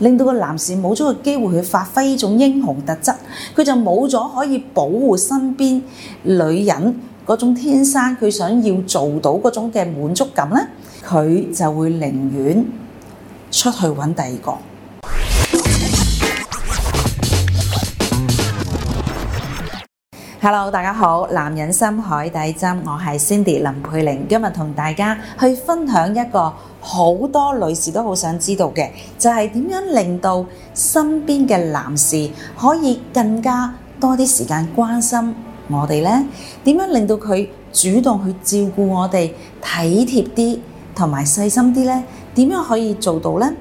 令到個男士冇咗個機會去發揮呢種英雄特質，佢就冇咗可以保護身邊女人嗰種天生佢想要做到嗰種嘅滿足感咧，佢就會寧願出去揾第二個。Hello，大家好，男人心海底針，我係 Cindy 林佩玲，今日同大家去分享一個好多女士都好想知道嘅，就係點樣令到身邊嘅男士可以更加多啲時間關心我哋呢？點樣令到佢主動去照顧我哋，體貼啲同埋細心啲呢？點樣可以做到呢？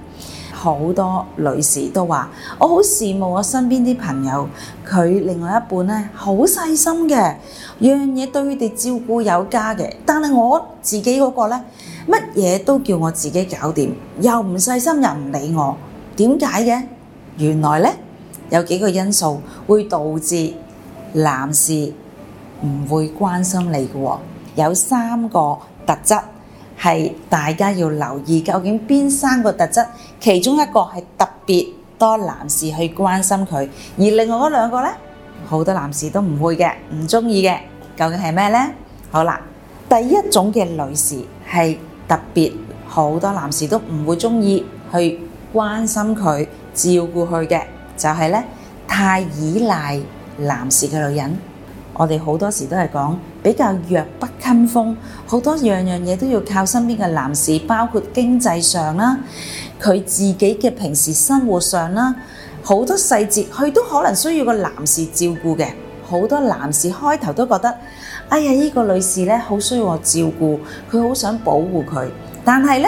好多女士都話，我好羨慕我身邊啲朋友，佢另外一半咧好細心嘅，樣嘢對佢哋照顧有加嘅。但係我自己嗰個咧，乜嘢都叫我自己搞掂，又唔細心又唔理我，點解嘅？原來咧，有幾個因素會導致男士唔會關心你嘅，有三個特質。係大家要留意，究竟邊三個特質？其中一個係特別多男士去關心佢，而另外嗰兩個呢，好多男士都唔會嘅，唔鍾意嘅，究竟係咩呢？好啦，第一種嘅女士係特別好多男士都唔會鍾意去關心佢，照顧佢嘅，就係呢，太依賴男士嘅女人。我哋好多時都係講比較弱不禁風，好多樣樣嘢都要靠身邊嘅男士，包括經濟上啦，佢自己嘅平時生活上啦，好多細節佢都可能需要個男士照顧嘅。好多男士開頭都覺得，哎呀，呢個女士呢，好需要我照顧，佢好想保護佢，但係呢，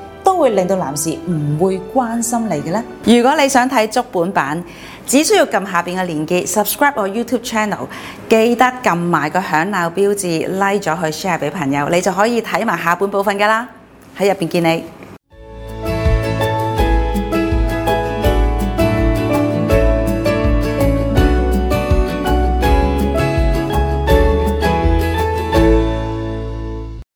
都會令到男士唔會關心你嘅咧。如果你想睇足本版，只需要撳下邊嘅連結，subscribe 我 YouTube channel，記得撳埋個響鬧標誌，拉咗去 share 俾朋友，你就可以睇埋下半部分噶啦。喺入邊見你。